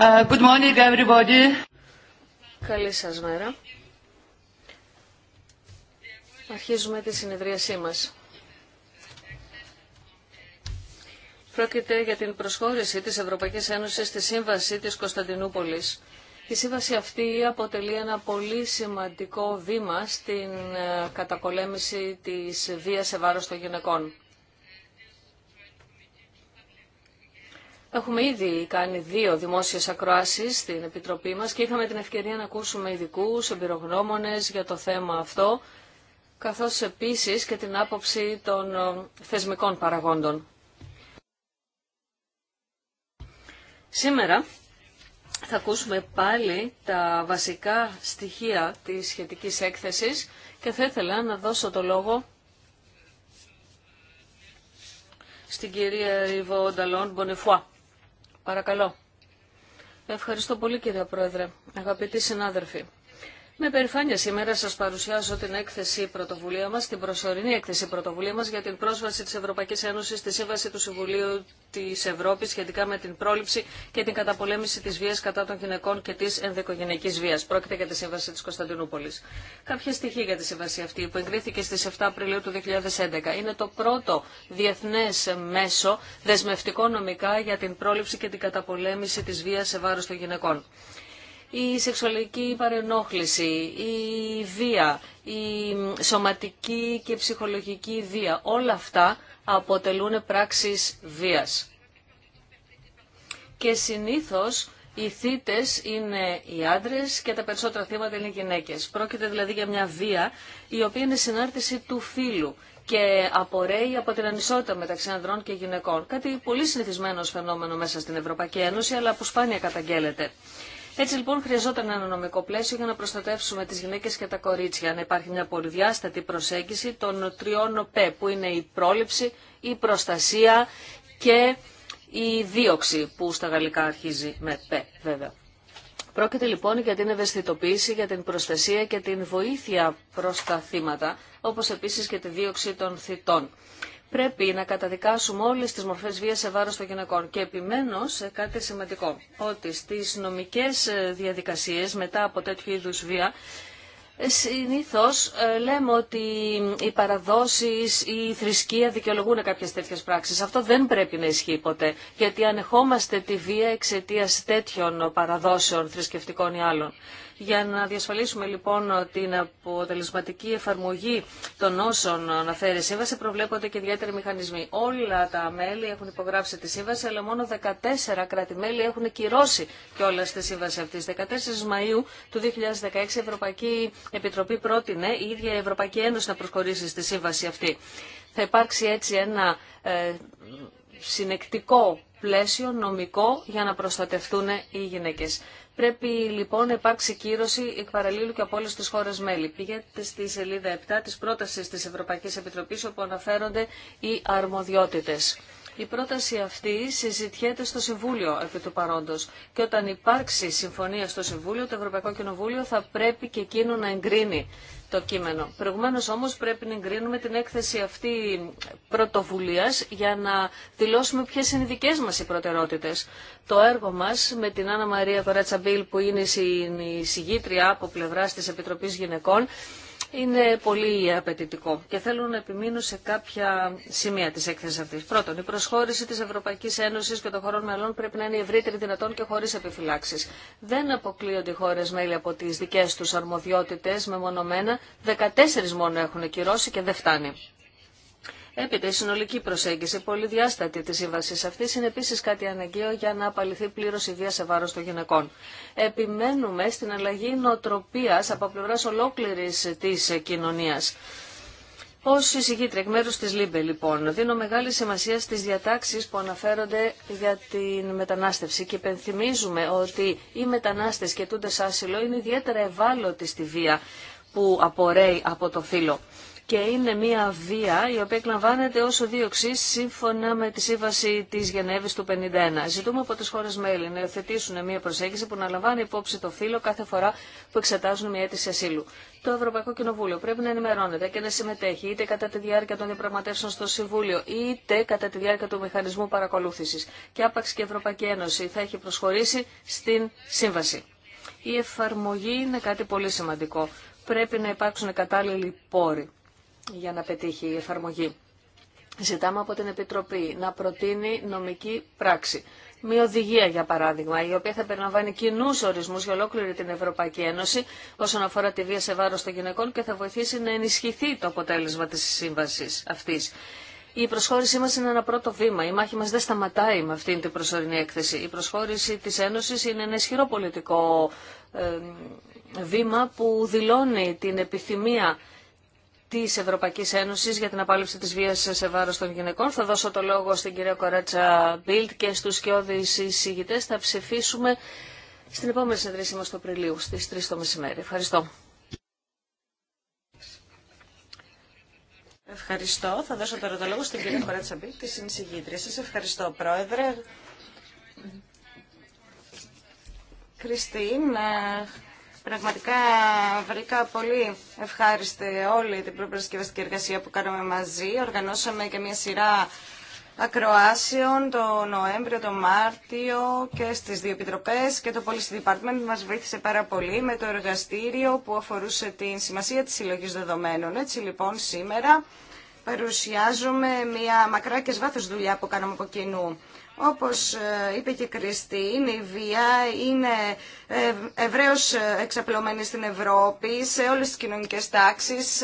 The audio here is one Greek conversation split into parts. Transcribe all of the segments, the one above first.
Ε, good morning everybody. Καλή σας μέρα. Αρχίζουμε τη συνεδρίασή μας. Πρόκειται για την προσχώρηση της Ευρωπαϊκής Ένωσης στη Σύμβαση της Κωνσταντινούπολης. Η σύμβαση αυτή αποτελεί ένα πολύ σημαντικό βήμα στην ε, κατακολέμηση της βίας σε βάρος των γυναικών. Έχουμε ήδη κάνει δύο δημόσιες ακροάσεις στην Επιτροπή μας και είχαμε την ευκαιρία να ακούσουμε ειδικού εμπειρογνώμονες για το θέμα αυτό, καθώς επίσης και την άποψη των ε, θεσμικών παραγόντων. Σήμερα θα ακούσουμε πάλι τα βασικά στοιχεία της σχετικής έκθεσης και θα ήθελα να δώσω το λόγο στην κυρία Νταλόν Μπονεφουά Παρακαλώ. Ευχαριστώ πολύ κύριε Πρόεδρε, αγαπητοί συνάδελφοι. Με περηφάνεια σήμερα σας παρουσιάζω την έκθεση πρωτοβουλία μας, την προσωρινή έκθεση πρωτοβουλία μας για την πρόσβαση της Ευρωπαϊκής Ένωσης στη Σύμβαση του Συμβουλίου της Ευρώπης σχετικά με την πρόληψη και την καταπολέμηση της βίας κατά των γυναικών και της ενδοικογενειακής βίας. Πρόκειται για τη Σύμβαση της Κωνσταντινούπολης. Κάποια στοιχεία για τη Σύμβαση αυτή που εγκρίθηκε στις 7 Απριλίου του 2011. Είναι το πρώτο διεθνές μέσο δεσμευτικό νομικά για την πρόληψη και την καταπολέμηση της βίας σε βάρος των γυναικών η σεξουαλική παρενόχληση, η βία, η σωματική και ψυχολογική βία, όλα αυτά αποτελούν πράξεις βίας. Και συνήθως οι θύτες είναι οι άντρες και τα περισσότερα θύματα είναι οι γυναίκες. Πρόκειται δηλαδή για μια βία η οποία είναι συνάρτηση του φίλου και απορρέει από την ανισότητα μεταξύ ανδρών και γυναικών. Κάτι πολύ συνηθισμένο φαινόμενο μέσα στην Ευρωπαϊκή Ένωση, αλλά που σπάνια καταγγέλλεται. Έτσι λοιπόν χρειαζόταν ένα νομικό πλαίσιο για να προστατεύσουμε τις γυναίκες και τα κορίτσια, να υπάρχει μια πολυδιάστατη προσέγγιση των τριών ΟΠΕ που είναι η πρόληψη, η προστασία και η δίωξη, που στα γαλλικά αρχίζει με ΠΕ βέβαια. Πρόκειται λοιπόν για την ευαισθητοποίηση, για την προστασία και την βοήθεια προς τα θύματα, όπως επίσης και τη δίωξη των θητών πρέπει να καταδικάσουμε όλες τις μορφές βίας σε βάρος των γυναικών. Και επιμένω σε κάτι σημαντικό, ότι στις νομικές ε, διαδικασίες μετά από τέτοιου είδους βία Συνήθως ε, λέμε ότι οι παραδόσεις ή η θρησκεία δικαιολογούν κάποιες τέτοιες πράξεις. Αυτό δεν πρέπει να ισχύει ποτέ, γιατί ανεχόμαστε τη βία εξαιτία τέτοιων παραδόσεων θρησκευτικών ή άλλων. Για να διασφαλίσουμε λοιπόν την αποτελεσματική εφαρμογή των όσων αναφέρει η Σύμβαση, προβλέπονται και ιδιαίτεροι μηχανισμοί. Όλα τα μέλη έχουν υπογράψει τη Σύμβαση, αλλά μόνο 14 κράτη-μέλη έχουν κυρώσει κιόλα τη Σύμβαση αυτή. 14 Μαου του 2016 Ευρωπαϊκή Επιτροπή πρότεινε η ίδια η Ευρωπαϊκή Ένωση να προσχωρήσει στη σύμβαση αυτή. Θα υπάρξει έτσι ένα ε, συνεκτικό πλαίσιο νομικό για να προστατευτούν οι γυναίκες. Πρέπει λοιπόν να υπάρξει κύρωση εκ παραλίλου και από όλε τι χώρε μέλη. Πηγαίνετε στη σελίδα 7 τη πρόταση τη Ευρωπαϊκή Επιτροπή όπου αναφέρονται οι αρμοδιότητε. Η πρόταση αυτή συζητιέται στο Συμβούλιο επί του παρόντος και όταν υπάρξει συμφωνία στο Συμβούλιο, το Ευρωπαϊκό Κοινοβούλιο θα πρέπει και εκείνο να εγκρίνει το κείμενο. Προηγουμένως όμως πρέπει να εγκρίνουμε την έκθεση αυτή πρωτοβουλίας για να δηλώσουμε ποιε είναι οι δικές μας οι προτερότητε. Το έργο μας με την Άννα Μαρία Κοράτσα Μπίλ που είναι η συγγήτρια από πλευράς της Επιτροπής Γυναικών είναι πολύ απαιτητικό και θέλω να επιμείνω σε κάποια σημεία της έκθεσης αυτής. Πρώτον, η προσχώρηση της Ευρωπαϊκής Ένωσης και των χωρών μελών πρέπει να είναι ευρύτερη δυνατόν και χωρίς επιφυλάξεις. Δεν αποκλείονται οι χώρες μέλη από τις δικές τους αρμοδιότητες μεμονωμένα. 14 μόνο έχουν κυρώσει και δεν φτάνει. Έπειτα, η συνολική προσέγγιση, πολύ διάστατη τη σύμβαση αυτή, είναι επίση κάτι αναγκαίο για να απαλληθεί πλήρω η βία σε βάρο των γυναικών. Επιμένουμε στην αλλαγή νοοτροπία από πλευρά ολόκληρη τη κοινωνία. Ω εισηγήτρια εκ μέρου τη ΛΥΜΠΕ, λοιπόν, δίνω μεγάλη σημασία στι διατάξει που αναφέρονται για την μετανάστευση και υπενθυμίζουμε ότι οι μετανάστε και τούντε άσυλο είναι ιδιαίτερα ευάλωτοι στη βία που απορρέει από το φύλλο και είναι μια βία η οποία εκλαμβάνεται ως δίωξη σύμφωνα με τη σύμβαση της Γενέβης του 1951. Ζητούμε από τις χώρες μέλη να υιοθετήσουν μια προσέγγιση που να λαμβάνει υπόψη το φύλλο κάθε φορά που εξετάζουν μια αίτηση ασύλου. Το Ευρωπαϊκό Κοινοβούλιο πρέπει να ενημερώνεται και να συμμετέχει είτε κατά τη διάρκεια των διαπραγματεύσεων στο Συμβούλιο, είτε κατά τη διάρκεια του μηχανισμού παρακολούθησης. Και άπαξ και η Ευρωπαϊκή Ένωση θα έχει προσχωρήσει στην σύμβαση. Η εφαρμογή είναι κάτι πολύ σημαντικό. Πρέπει να υπάρξουν κατάλληλοι πόροι για να πετύχει η εφαρμογή. Ζητάμε από την Επιτροπή να προτείνει νομική πράξη. Μία οδηγία, για παράδειγμα, η οποία θα περιλαμβάνει κοινού ορισμού για ολόκληρη την Ευρωπαϊκή Ένωση όσον αφορά τη βία σε βάρο των γυναικών και θα βοηθήσει να ενισχυθεί το αποτέλεσμα τη σύμβαση αυτή. Η προσχώρησή μα είναι ένα πρώτο βήμα. Η μάχη μα δεν σταματάει με αυτήν την προσωρινή έκθεση. Η προσχώρηση τη Ένωση είναι ένα ισχυρό πολιτικό βήμα που δηλώνει την επιθυμία Τη Ευρωπαϊκή Ένωση για την απάλληψη τη βίας σε βάρο των γυναικών. Θα δώσω το λόγο στην κυρία Κορέτσα Μπίλτ και στους σκιώδει εισηγητές. Θα ψηφίσουμε στην επόμενη συνεδρίαση μας του Απριλίου, στι 3 το μεσημέρι. Ευχαριστώ. Ευχαριστώ. Θα δώσω τώρα το λόγο στην κυρία Κορέτσα Μπίλτ, τη συνεισηγήτρια. Σα ευχαριστώ, Πρόεδρε. Κριστίν, ε, Πραγματικά βρήκα πολύ ευχάριστη όλη την προπαρασκευαστική εργασία που κάναμε μαζί. Οργανώσαμε και μια σειρά ακροάσεων το Νοέμβριο, το Μάρτιο και στις δύο επιτροπές και το Policy Department μας βοήθησε πάρα πολύ με το εργαστήριο που αφορούσε την σημασία της συλλογή δεδομένων. Έτσι λοιπόν σήμερα παρουσιάζουμε μια μακρά και σβάθος δουλειά που κάναμε από κοινού. Όπως ε, είπε και η Κριστίν, η βία είναι ε, ευρέως ε, εξαπλωμένη στην Ευρώπη, σε όλες τις κοινωνικές τάξεις,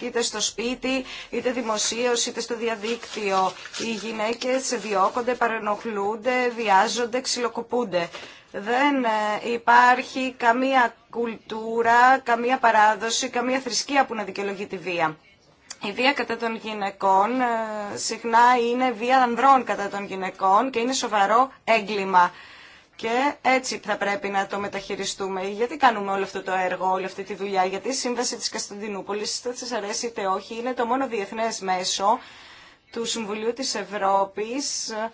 είτε στο σπίτι, είτε δημοσίως, είτε στο διαδίκτυο. Οι γυναίκες διώκονται, παρενοχλούνται, βιάζονται, ξυλοκοπούνται. Δεν υπάρχει καμία κουλτούρα, καμία παράδοση, καμία θρησκεία που να δικαιολογεί τη βία η βία κατά των γυναικών ε, συχνά είναι βία ανδρών κατά των γυναικών και είναι σοβαρό έγκλημα. Και έτσι θα πρέπει να το μεταχειριστούμε. Γιατί κάνουμε όλο αυτό το έργο, όλη αυτή τη δουλειά. Γιατί η Σύμβαση της Κασταντινούπολης, είτε σας αρέσει είτε όχι, είναι το μόνο διεθνές μέσο του Συμβουλίου της Ευρώπης ε,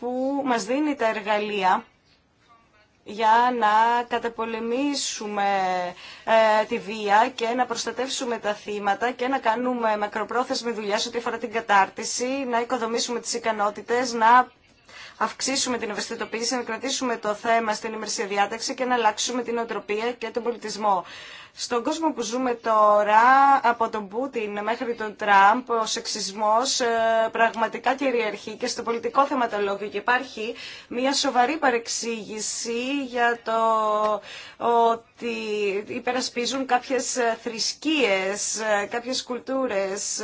που μας δίνει τα εργαλεία για να καταπολεμήσουμε ε, τη βία και να προστατεύσουμε τα θύματα και να κάνουμε μακροπρόθεσμη δουλειά σε ό,τι αφορά την κατάρτιση, να οικοδομήσουμε τις ικανότητες, να αυξήσουμε την ευαισθητοποίηση, να κρατήσουμε το θέμα στην ημερησία διάταξη και να αλλάξουμε την οτροπία και τον πολιτισμό. Στον κόσμο που ζούμε τώρα, από τον Πούτιν μέχρι τον Τραμπ, ο σεξισμός ε, πραγματικά κυριαρχεί και στο πολιτικό θεματολόγιο και υπάρχει μια σοβαρή παρεξήγηση για το ότι υπερασπίζουν κάποιες ε, θρησκείες, ε, κάποιες κουλτούρες,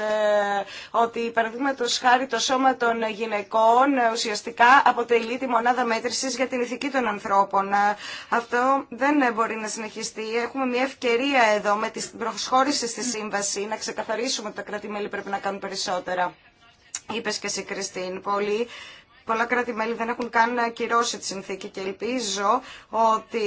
ότι παραδείγματο χάρη το σώμα των γυναικών ουσιαστικά αποτελεί τη μονάδα μέτρησης για την ηθική των ανθρώπων. Αυτό δεν μπορεί να συνεχιστεί. Έχουμε μια ευκαιρία ευκαιρία εδώ με την προσχώρηση στη σύμβαση να ξεκαθαρίσουμε ότι τα κράτη-μέλη πρέπει να κάνουν περισσότερα. Είπες και εσύ Κριστίν, πολύ πολλά κράτη-μέλη δεν έχουν καν ακυρώσει τη συνθήκη και ελπίζω ότι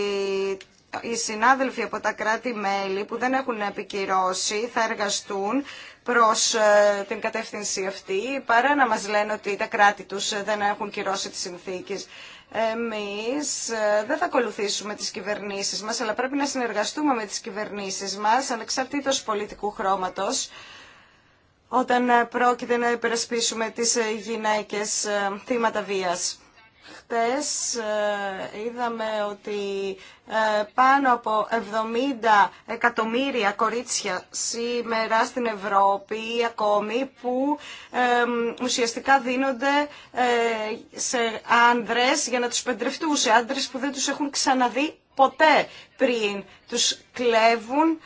οι συνάδελφοι από τα κράτη-μέλη που δεν έχουν επικυρώσει θα εργαστούν προς ε, την κατεύθυνση αυτή, παρά να μας λένε ότι τα κράτη τους ε, δεν έχουν κυρώσει τις συνθήκες. Εμείς ε, δεν θα ακολουθήσουμε τις κυβερνήσεις μας, αλλά πρέπει να συνεργαστούμε με τις κυβερνήσεις μας, ανεξαρτήτως πολιτικού χρώματος, όταν πρόκειται να υπερασπίσουμε τις γυναίκες θύματα βίας. Χτες ε, είδαμε ότι ε, πάνω από 70 εκατομμύρια κορίτσια σήμερα στην Ευρώπη ακόμη που ουσιαστικά δίνονται ε, σε άνδρες για να τους πεντρευτούν, σε άνδρες που δεν τους έχουν ξαναδεί ποτέ πριν. Τους κλέβουν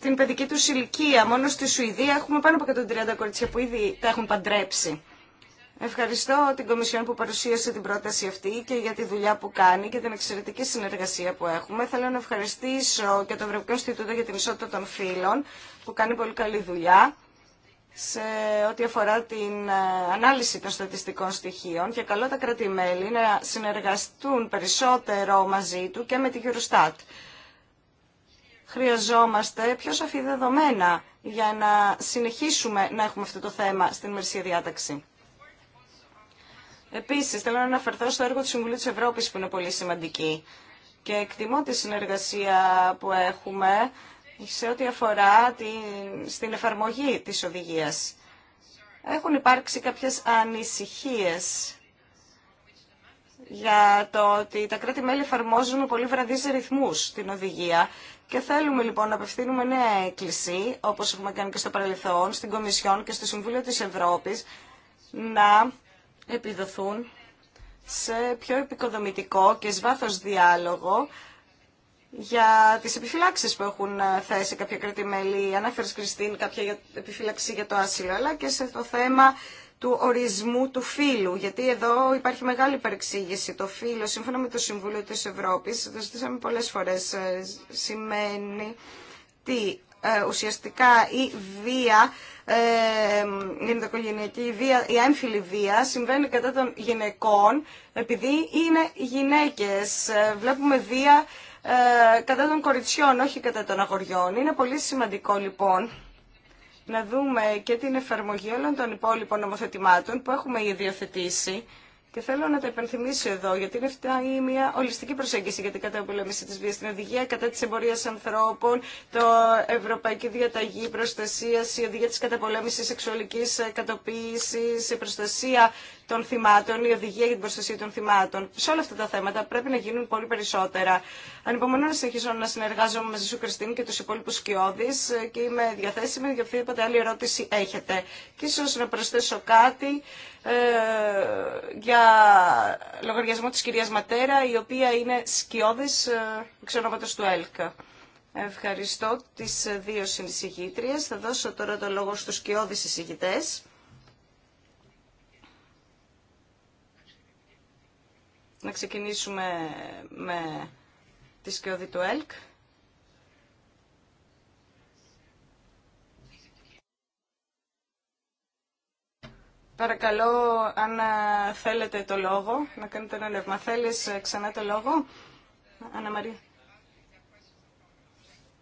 την παιδική τους ηλικία. Μόνο στη Σουηδία έχουμε πάνω από 130 κορίτσια που ήδη τα έχουν παντρέψει. Ευχαριστώ την Κομισιόν που παρουσίασε την πρόταση αυτή και για τη δουλειά που κάνει και την εξαιρετική συνεργασία που έχουμε. Θέλω να ευχαριστήσω και το Ευρωπαϊκό Ινστιτούτο για την Ισότητα των Φύλων που κάνει πολύ καλή δουλειά σε ό,τι αφορά την ε, ανάλυση των στατιστικών στοιχείων και καλό τα κρατημέλη να συνεργαστούν περισσότερο μαζί του και με τη Eurostat. Χρειαζόμαστε πιο σαφή δεδομένα για να συνεχίσουμε να έχουμε αυτό το θέμα στην μερσία διάταξη. Επίσης, θέλω να αναφερθώ στο έργο του Συμβουλίου της Ευρώπης που είναι πολύ σημαντική και εκτιμώ τη συνεργασία που έχουμε σε ό,τι αφορά την, στην εφαρμογή της οδηγίας. Έχουν υπάρξει κάποιες ανησυχίες για το ότι τα κράτη-μέλη εφαρμόζουν πολύ βραδείς ρυθμούς την οδηγία και θέλουμε λοιπόν να απευθύνουμε νέα έκκληση, όπως έχουμε κάνει και στο παρελθόν, στην Κομισιόν και στο Συμβούλιο της Ευρώπης, να επιδοθούν σε πιο επικοδομητικό και σβάθος διάλογο για τις επιφυλάξεις που έχουν ε, θέσει κάποια κρατημέλη. Ανάφερες Κριστίν κάποια επιφύλαξη για το άσυλο, αλλά και σε το θέμα του ορισμού του φύλου, γιατί εδώ υπάρχει μεγάλη υπερεξήγηση. Το φύλο, σύμφωνα με το Συμβούλιο της Ευρώπης, το ζητήσαμε πολλές φορές, ε, σημαίνει τι ε, ουσιαστικά η βία, ε, η ενδοκογενειακή βία, η έμφυλη βία συμβαίνει κατά των γυναικών επειδή είναι γυναίκες. Ε, βλέπουμε βία κατά των κοριτσιών, όχι κατά των αγοριών. Είναι πολύ σημαντικό λοιπόν να δούμε και την εφαρμογή όλων των υπόλοιπων νομοθετημάτων που έχουμε ήδη και θέλω να τα υπενθυμίσω εδώ, γιατί είναι αυτά μια ολιστική προσέγγιση για την καταπολέμηση τη βία στην οδηγία κατά τη εμπορία ανθρώπων, το Ευρωπαϊκή Διαταγή Προστασία, η οδηγία τη καταπολέμηση σεξουαλική κατοποίηση, η προστασία των θυμάτων, η οδηγία για την προστασία των θυμάτων. Σε όλα αυτά τα θέματα πρέπει να γίνουν πολύ περισσότερα. Ανυπομονώ να συνεχίσω να συνεργάζομαι μαζί σου, Κριστίν, και του υπόλοιπου Σκιώδη ε, και είμαι διαθέσιμη για οποιαδήποτε άλλη ερώτηση έχετε. Και ίσω να προσθέσω κάτι ε, για λογαριασμό τη κυρία Ματέρα, η οποία είναι Σκιώδη ε, του ΕΛΚΑ. Ευχαριστώ τις δύο συνεισηγήτριες. Θα δώσω τώρα το λόγο στους κοιόδης εισηγητές. Να ξεκινήσουμε με τη σκιώδη του ΕΛΚ. Παρακαλώ, αν ε, θέλετε το λόγο, να κάνετε ένα λεύμα. Θέλεις ε, ξανά το λόγο, Μαρία.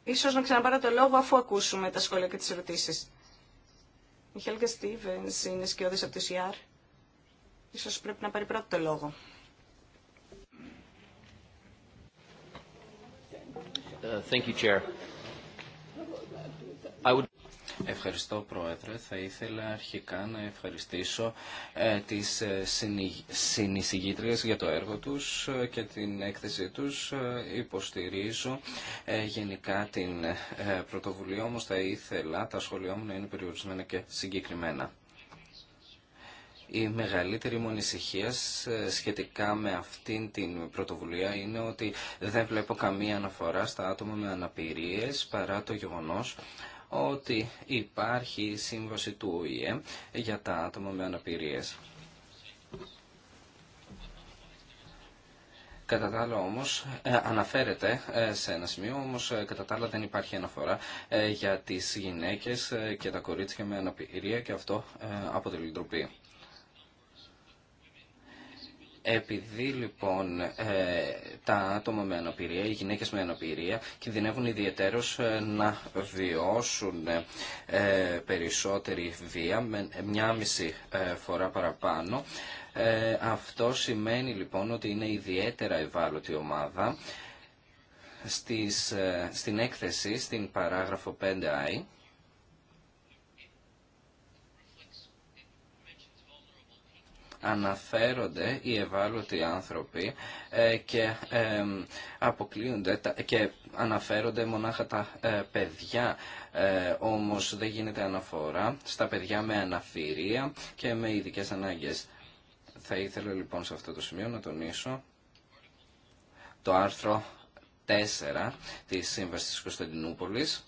Ίσως να ξαναπάρω το λόγο αφού ακούσουμε τα σχόλια και τις ερωτήσεις. Η Χέλγα Στίβενς είναι σκιώδης από τη ΣΥΑΡ. Ίσως πρέπει να πάρει πρώτο το λόγο. Ευχαριστώ Πρόεδρε. Θα ήθελα αρχικά να ευχαριστήσω ε, τις ε, συνεισηγήτριες για το έργο τους ε, και την έκθεσή τους. Υποστηρίζω γενικά την πρωτοβουλία, όμως θα ήθελα τα σχολεία μου να είναι περιορισμένα και συγκεκριμένα. Η μεγαλύτερη μου ανησυχία ε, σχετικά με αυτήν την πρωτοβουλία είναι ότι δεν βλέπω καμία αναφορά στα άτομα με αναπηρίες παρά το γεγονός ότι υπάρχει σύμβαση του ΟΗΕ για τα άτομα με αναπηρίες. Κατά τα άλλα όμως, ε, αναφέρεται ε, σε ένα σημείο, όμως κατά τα άλλα δεν υπάρχει αναφορά για τις γυναίκες και τα κορίτσια με αναπηρία και αυτό αποτελεί ντροπή. Επειδή λοιπόν ε, τα άτομα με αναπηρία, οι γυναίκες με αναπηρία κινδυνεύουν ιδιαίτερως ε, να βιώσουν ε, περισσότερη βία με μια μισή φορά παραπάνω. Αυτό σημαίνει λοιπόν ότι είναι ιδιαίτερα ευάλωτη ομάδα. Στις, στην έκθεση, στην παράγραφο 5i, αναφέρονται οι ευάλωτοι άνθρωποι ε, και αποκλείονται και αναφέρονται μονάχα τα ε, παιδιά. Ε, όμως δεν γίνεται αναφορά στα παιδιά με αναφυρία και με ειδικές ανάγκες. Θα ήθελα λοιπόν σε αυτό το σημείο να τονίσω το άρθρο 4 της Σύμβασης της Κωνσταντινούπολης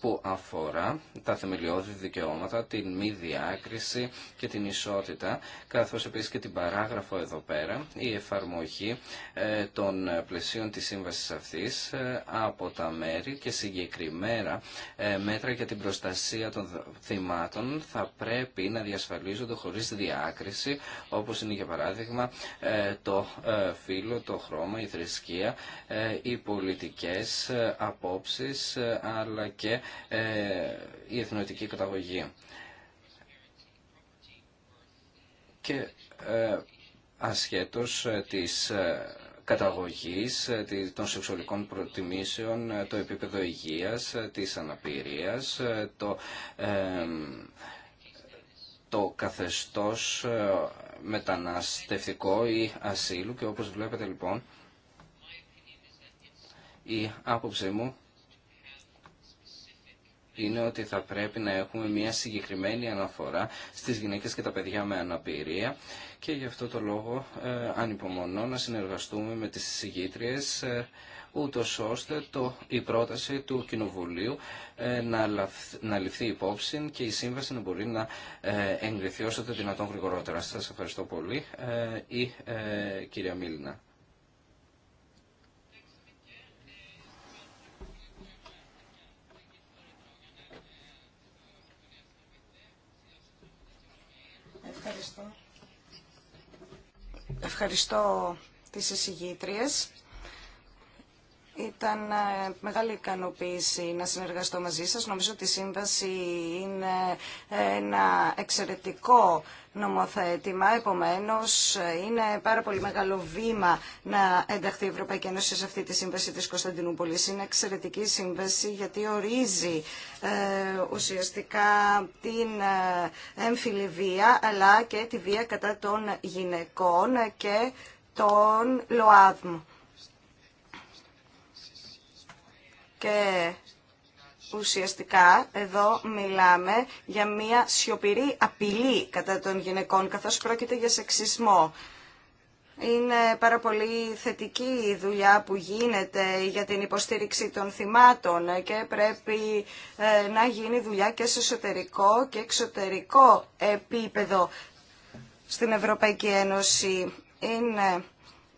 που αφορά τα θεμελιώδη δικαιώματα, την μη διάκριση και την ισότητα, καθώς επίσης και την παράγραφο εδώ πέρα, η εφαρμογή ε, των πλαισίων της σύμβασης αυτής ε, από τα μέρη και συγκεκριμένα ε, μέτρα για την προστασία των θυμάτων θα πρέπει να διασφαλίζονται χωρίς διάκριση, όπως είναι για παράδειγμα το φύλλο, το χρώμα, η θρησκεία, οι πολιτικές απόψεις, αλλά και ε, η εθνοτική καταγωγή. Και ε, ασχέτως ε, της καταγωγής, των σεξουαλικών προτιμήσεων, το επίπεδο υγείας, της αναπηρίας, το, ε, το καθεστώς μεταναστευτικό ή ασύλου και όπως βλέπετε λοιπόν η άποψή μου είναι ότι θα πρέπει να έχουμε μια συγκεκριμένη αναφορά στις γυναίκες και τα παιδιά με αναπηρία και γι' αυτό το λόγο ε, ανυπομονώ να συνεργαστούμε με τις συγκήτριες ε, ούτως ώστε το, η πρόταση του Κοινοβουλίου ε, να, λαφ, να ληφθεί υπόψη και η σύμβαση να μπορεί να ε, εγκριθεί όσο το δυνατόν γρηγορότερα. Σας ευχαριστώ πολύ. Ε, η κυρία Μίλνα. Ευχαριστώ τις εισηγήτριες ήταν ε, μεγάλη ικανοποίηση να συνεργαστώ μαζί σας. Νομίζω ότι η Σύμβαση είναι ε, ένα εξαιρετικό νομοθέτημα. Επομένως, ε, είναι πάρα πολύ μεγάλο βήμα να ενταχθεί η Ευρωπαϊκή Ένωση σε αυτή τη Σύμβαση της Κωνσταντινούπολης. Είναι εξαιρετική σύμβαση γιατί ορίζει ουσιαστικά την έμφυλη αλλά και τη βία κατά των γυναικών και των ΛΟΑΔΜ. Και ουσιαστικά εδώ μιλάμε για μια σιωπηρή απειλή κατά των γυναικών, καθώς πρόκειται για σεξισμό. Είναι πάρα πολύ θετική η δουλειά που γίνεται για την υποστήριξη των θυμάτων και πρέπει ε, να γίνει δουλειά και σε εσωτερικό και εξωτερικό επίπεδο στην Ευρωπαϊκή Ένωση. Είναι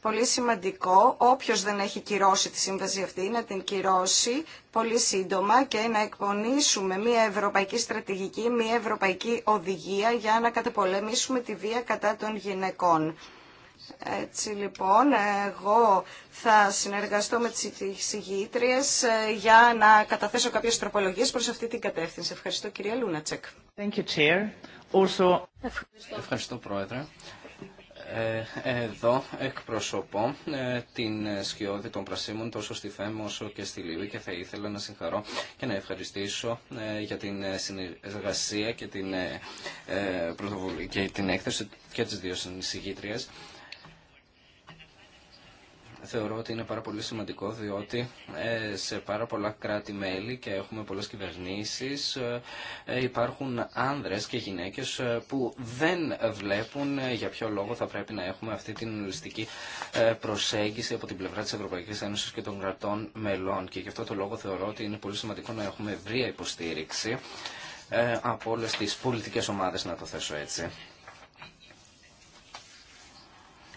πολύ σημαντικό όποιος δεν έχει κυρώσει τη σύμβαση αυτή να την κυρώσει πολύ σύντομα και να εκπονήσουμε μια ευρωπαϊκή στρατηγική, μια ευρωπαϊκή οδηγία για να καταπολεμήσουμε τη βία κατά των γυναικών. Έτσι λοιπόν, εγώ θα συνεργαστώ με τις συγγήτριες ε, για να καταθέσω κάποιες τροπολογίες προς αυτή την κατεύθυνση. Ευχαριστώ κυρία Λούνατσεκ. Ευχαριστώ. Ευχαριστώ Πρόεδρε. Ε, εδώ εκπροσωπώ ε, την σκιώδη των Πρασίμων τόσο στη ΦΕΜ όσο και στη Λίβη και θα ήθελα να συγχαρώ και να ευχαριστήσω ε, για την συνεργασία και την, και την έκθεση και τις δύο συνεισηγήτριες θεωρώ ότι είναι πάρα πολύ σημαντικό διότι ε, σε πάρα πολλά κράτη-μέλη και έχουμε πολλές κυβερνήσεις ε, ε, υπάρχουν άνδρες και γυναίκες που δεν βλέπουν για ποιο λόγο θα πρέπει να έχουμε αυτή την ολιστική προσέγγιση από την πλευρά της Ευρωπαϊκής Ένωσης και των κρατών μελών και γι' αυτό το λόγο θεωρώ ότι είναι πολύ σημαντικό να έχουμε ευρία υποστήριξη από όλες τις πολιτικές ομάδες να το θέσω έτσι.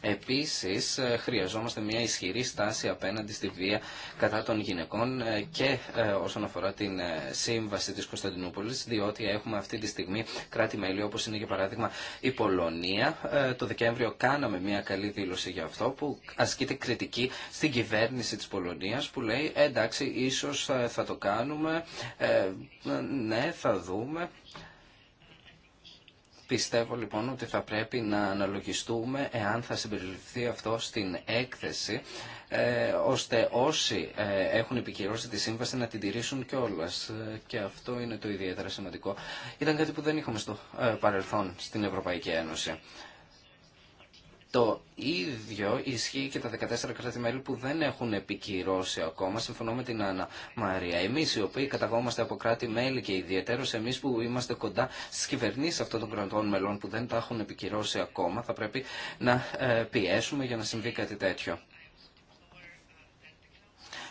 Επίσης, ε, χρειαζόμαστε μια ισχυρή στάση απέναντι στη βία κατά των γυναικών ε, και ε, όσον αφορά την σύμβαση της Κωνσταντινούπολης, διότι έχουμε αυτή τη στιγμή κράτη-μέλη όπως είναι για παράδειγμα η Πολωνία. Το Δεκέμβριο κάναμε μια καλή δήλωση για αυτό που ασκείται κριτική στην κυβέρνηση της Πολωνία, που λέει εντάξει ίσω θα το κάνουμε, ναι θα δούμε. Πιστεύω λοιπόν ότι θα πρέπει να αναλογιστούμε εάν θα συμπεριληφθεί αυτό στην έκθεση ε, ώστε όσοι ε, έχουν επικυρώσει τη σύμβαση να την τηρήσουν κιόλα. Ε, και αυτό είναι το ιδιαίτερα σημαντικό. Ήταν κάτι που δεν είχαμε στο ε, παρελθόν στην Ευρωπαϊκή Ένωση. Το ίδιο ισχύει και τα 14 κράτη-μέλη που δεν έχουν επικυρώσει ακόμα. Συμφωνώ με την Άννα Μαρία. Εμεί οι οποίοι καταγόμαστε από κράτη-μέλη και ιδιαίτερω εμεί που είμαστε κοντά στι κυβερνήσει αυτών των κρατών μελών που δεν τα έχουν επικυρώσει ακόμα, θα πρέπει να ε, πιέσουμε για να συμβεί κάτι τέτοιο.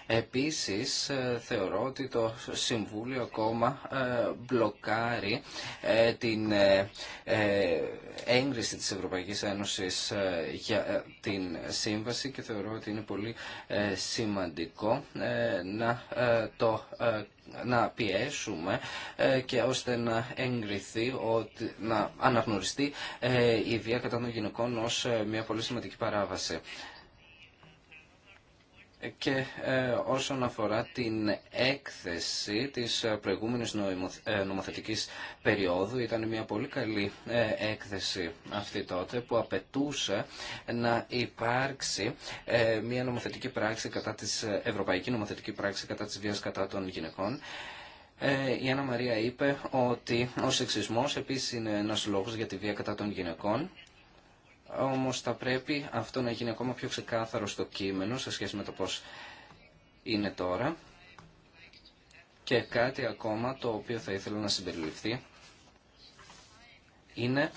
Επίσης, ε, θεωρώ ότι το Συμβούλιο ακόμα ε, μπλοκάρει ε, την έγκριση της Ευρωπαϊκής Ένωσης για την σύμβαση και θεωρώ ότι είναι πολύ σημαντικό να το να πιέσουμε και ώστε να εγκριθεί, ότι, να αναγνωριστεί η βία κατά των γυναικών ως μια πολύ σημαντική παράβαση και ε, όσον αφορά την έκθεση της προηγούμενης ε, νομοθετικής περίοδου ήταν μια πολύ καλή ε, έκθεση αυτή τότε που απαιτούσε να υπάρξει μια νομοθετική πράξη κατά της ευρωπαϊκή νομοθετική πράξη κατά της βίας κατά των γυναικών η Άννα Μαρία είπε ότι ο σεξισμός επίσης είναι ένας λόγος για τη βία κατά των γυναικών όμως θα πρέπει αυτό να γίνει ακόμα πιο ξεκάθαρο στο κείμενο σε σχέση με το πώς είναι τώρα. Και κάτι ακόμα το οποίο θα ήθελα να συμπεριληφθεί είναι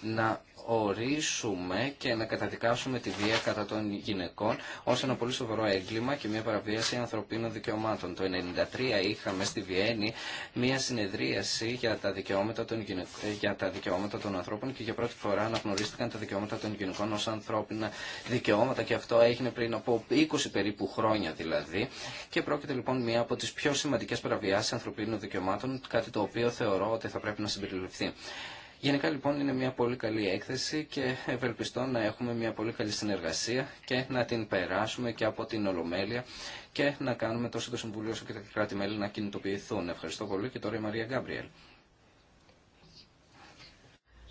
να ορίσουμε και να καταδικάσουμε τη βία κατά των γυναικών ως ένα πολύ σοβαρό έγκλημα και μια παραβίαση ανθρωπίνων δικαιωμάτων. Το 1993 είχαμε στη Βιέννη μια συνεδρίαση για τα, δικαιώματα των ε, για τα δικαιώματα των ανθρώπων και για πρώτη φορά αναγνωρίστηκαν τα δικαιώματα των γυναικών ως ανθρώπινα δικαιώματα και αυτό έγινε πριν από 20 περίπου χρόνια δηλαδή και πρόκειται λοιπόν μια από τις πιο σημαντικές παραβιάσεις ανθρωπίνων δικαιωμάτων κάτι το οποίο θεωρώ ότι θα πρέπει να συμπεριληφθεί. Γενικά λοιπόν είναι μια πολύ καλή έκθεση και ευελπιστώ να έχουμε μια πολύ καλή συνεργασία και να την περάσουμε και από την Ολομέλεια και να κάνουμε τόσο το Συμβουλίο όσο και τα κράτη-μέλη να κινητοποιηθούν. Ευχαριστώ πολύ και τώρα η Μαρία Γκάμπριελ.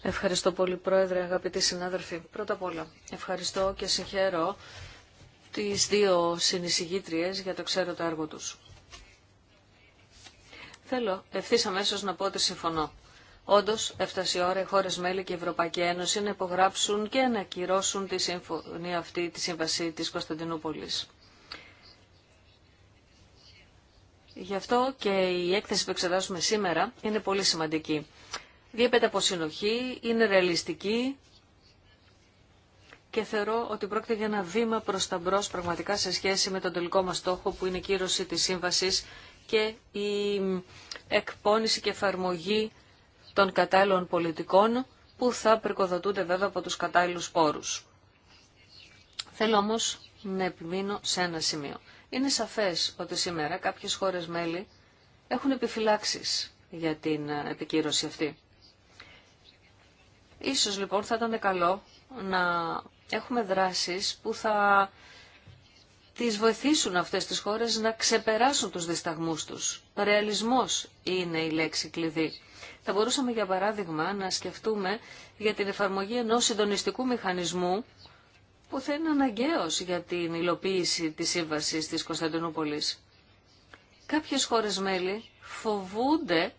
Ευχαριστώ πολύ Πρόεδρε, αγαπητοί συνάδελφοι. Πρώτα απ' όλα, ευχαριστώ και συγχαίρω τις δύο συνεισηγήτριες για το ξέρω το έργο τους. Θέλω ευθύ αμέσω να πω ότι συμφωνώ. Όντω, έφτασε η ώρα οι χώρε μέλη και η Ευρωπαϊκή Ένωση να υπογράψουν και να ακυρώσουν τη συμφωνία αυτή, τη σύμβαση τη Κωνσταντινούπολη. Γι' αυτό και η έκθεση που εξετάζουμε σήμερα είναι πολύ σημαντική. Διέπεται από συνοχή, είναι ρεαλιστική και θεωρώ ότι πρόκειται για ένα βήμα προς τα μπρος πραγματικά σε σχέση με τον τελικό μας στόχο που είναι η κύρωση της σύμβασης και η εκπόνηση και εφαρμογή των κατάλληλων πολιτικών που θα προκοδοτούνται βέβαια από τους κατάλληλους πόρους. Θέλω όμως να επιμείνω σε ένα σημείο. Είναι σαφές ότι σήμερα κάποιες χώρες μέλη έχουν επιφυλάξεις για την ε, επικύρωση αυτή. Ίσως λοιπόν θα ήταν καλό να έχουμε δράσεις που θα τις βοηθήσουν αυτές τις χώρες να ξεπεράσουν τους δισταγμούς τους. Ρεαλισμός είναι η λέξη κλειδί. Θα μπορούσαμε για παράδειγμα να σκεφτούμε για την εφαρμογή ενός συντονιστικού μηχανισμού που θα είναι αναγκαίος για την υλοποίηση της σύμβασης της Κωνσταντινούπολης. Κάποιες χώρες μέλη φοβούνται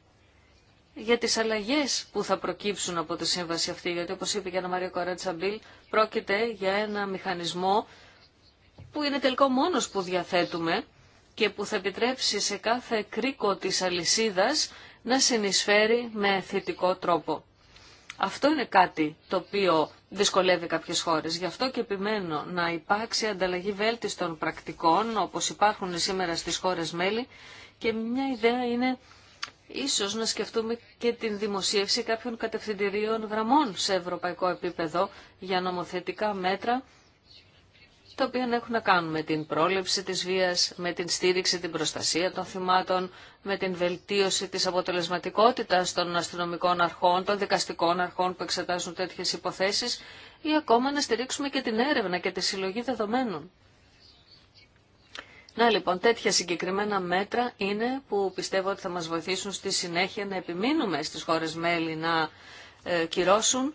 για τις αλλαγές που θα προκύψουν από τη σύμβαση αυτή, γιατί όπως είπε και η Μαρία Κορέτσαμπίλ, πρόκειται για ένα μηχανισμό που είναι τελικό μόνος που διαθέτουμε και που θα επιτρέψει σε κάθε κρίκο της αλυσίδας να συνεισφέρει με θετικό τρόπο. Αυτό είναι κάτι το οποίο δυσκολεύει κάποιες χώρες. Γι' αυτό και επιμένω να υπάρξει ανταλλαγή βέλτιστων πρακτικών, όπως υπάρχουν σήμερα στις χώρες μέλη. Και μια ιδέα είναι ίσως να σκεφτούμε και την δημοσίευση κάποιων κατευθυντηρίων γραμμών σε ευρωπαϊκό επίπεδο για νομοθετικά μέτρα τα οποία έχουν να κάνουν με την πρόληψη της βίας, με την στήριξη, την προστασία των θυμάτων, με την βελτίωση της αποτελεσματικότητας των αστυνομικών αρχών, των δικαστικών αρχών που εξετάζουν τέτοιες υποθέσεις ή ακόμα να στηρίξουμε και την έρευνα και τη συλλογή δεδομένων. Να λοιπόν, τέτοια συγκεκριμένα μέτρα είναι που πιστεύω ότι θα μας βοηθήσουν στη συνέχεια να επιμείνουμε στις χώρες μέλη να ε, κυρώσουν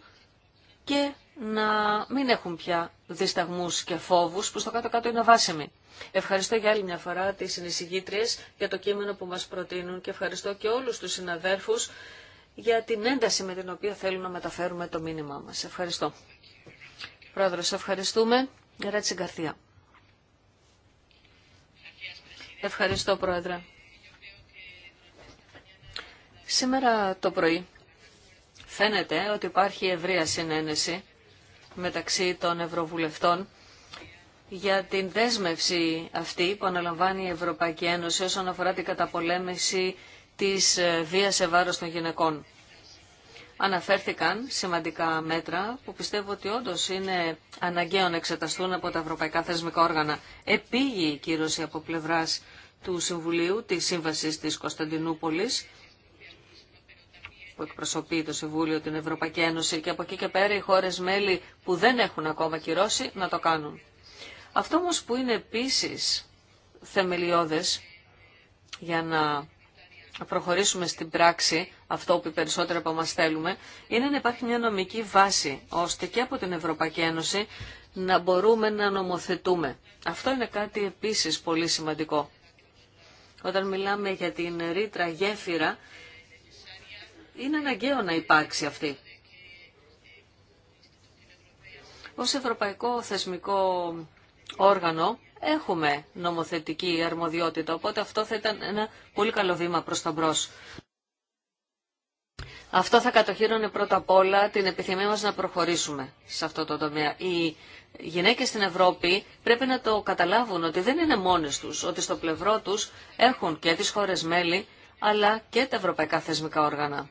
και να μην έχουν πια δισταγμούς και φόβους που στο κάτω-κάτω είναι βάσιμοι. Ευχαριστώ για άλλη μια φορά τις συνεισηγήτριες για το κείμενο που μας προτείνουν και ευχαριστώ και όλους τους συναδέρφους για την ένταση με την οποία θέλουν να μεταφέρουμε το μήνυμά μας. Ευχαριστώ. Πρόεδρος, ευχαριστούμε. Ρέτσι Γκαρθία. Ευχαριστώ, Πρόεδρε. Σήμερα το πρωί φαίνεται ότι υπάρχει ευρεία συνένεση μεταξύ των Ευρωβουλευτών για την δέσμευση αυτή που αναλαμβάνει η Ευρωπαϊκή Ένωση όσον αφορά την καταπολέμηση της ε, βίας σε βάρος των γυναικών. Αναφέρθηκαν σημαντικά μέτρα που πιστεύω ότι όντω είναι αναγκαίο να εξεταστούν από τα ευρωπαϊκά θεσμικά όργανα. Επίγει η κύρωση από πλευράς του Συμβουλίου της Σύμβασης της Κωνσταντινούπολης που εκπροσωπεί το Συμβούλιο, την Ευρωπαϊκή Ένωση και από εκεί και πέρα οι χώρες μέλη που δεν έχουν ακόμα κυρώσει να το κάνουν. Αυτό όμω που είναι επίσης θεμελιώδες για να προχωρήσουμε στην πράξη αυτό που περισσότερο από μας θέλουμε, είναι να υπάρχει μια νομική βάση, ώστε και από την Ευρωπαϊκή Ένωση να μπορούμε να νομοθετούμε. Αυτό είναι κάτι επίσης πολύ σημαντικό. Όταν μιλάμε για την ρήτρα γέφυρα, είναι αναγκαίο να υπάρξει αυτή. Ως Ευρωπαϊκό Θεσμικό Όργανο έχουμε νομοθετική αρμοδιότητα, οπότε αυτό θα ήταν ένα πολύ καλό βήμα προς τα μπρος. Αυτό θα κατοχύρωνε πρώτα απ' όλα την επιθυμία μας να προχωρήσουμε σε αυτό το τομέα. Οι γυναίκες στην Ευρώπη πρέπει να το καταλάβουν ότι δεν είναι μόνες τους, ότι στο πλευρό τους έχουν και τις χώρες μέλη, αλλά και τα ευρωπαϊκά θεσμικά όργανα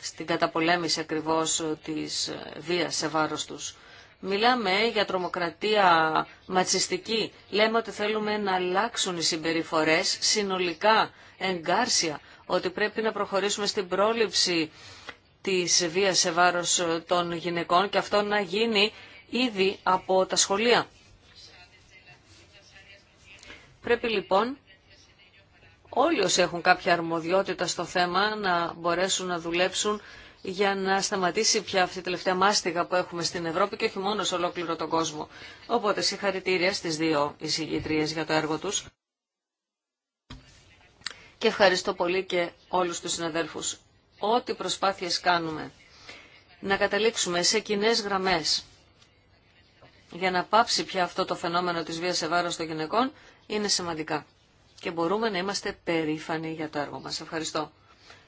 στην καταπολέμηση ακριβώς της βίας σε βάρος τους. Μιλάμε για τρομοκρατία ματσιστική. Λέμε ότι θέλουμε να αλλάξουν οι συμπεριφορές συνολικά, εγκάρσια, ότι πρέπει να προχωρήσουμε στην πρόληψη της βίας σε βάρος των γυναικών και αυτό να γίνει ήδη από τα σχολεία. Πρέπει λοιπόν όλοι όσοι έχουν κάποια αρμοδιότητα στο θέμα να μπορέσουν να δουλέψουν για να σταματήσει πια αυτή η τελευταία μάστιγα που έχουμε στην Ευρώπη και όχι μόνο σε ολόκληρο τον κόσμο. Οπότε συγχαρητήρια στις δύο εισηγητρίες για το έργο τους. Και ευχαριστώ πολύ και όλους τους συναδέλφους. Ό,τι προσπάθειες κάνουμε να καταλήξουμε σε κοινέ γραμμές για να πάψει πια αυτό το φαινόμενο της βίας σε βάρος των γυναικών είναι σημαντικά και μπορούμε να είμαστε περήφανοι για το έργο μας. Ευχαριστώ.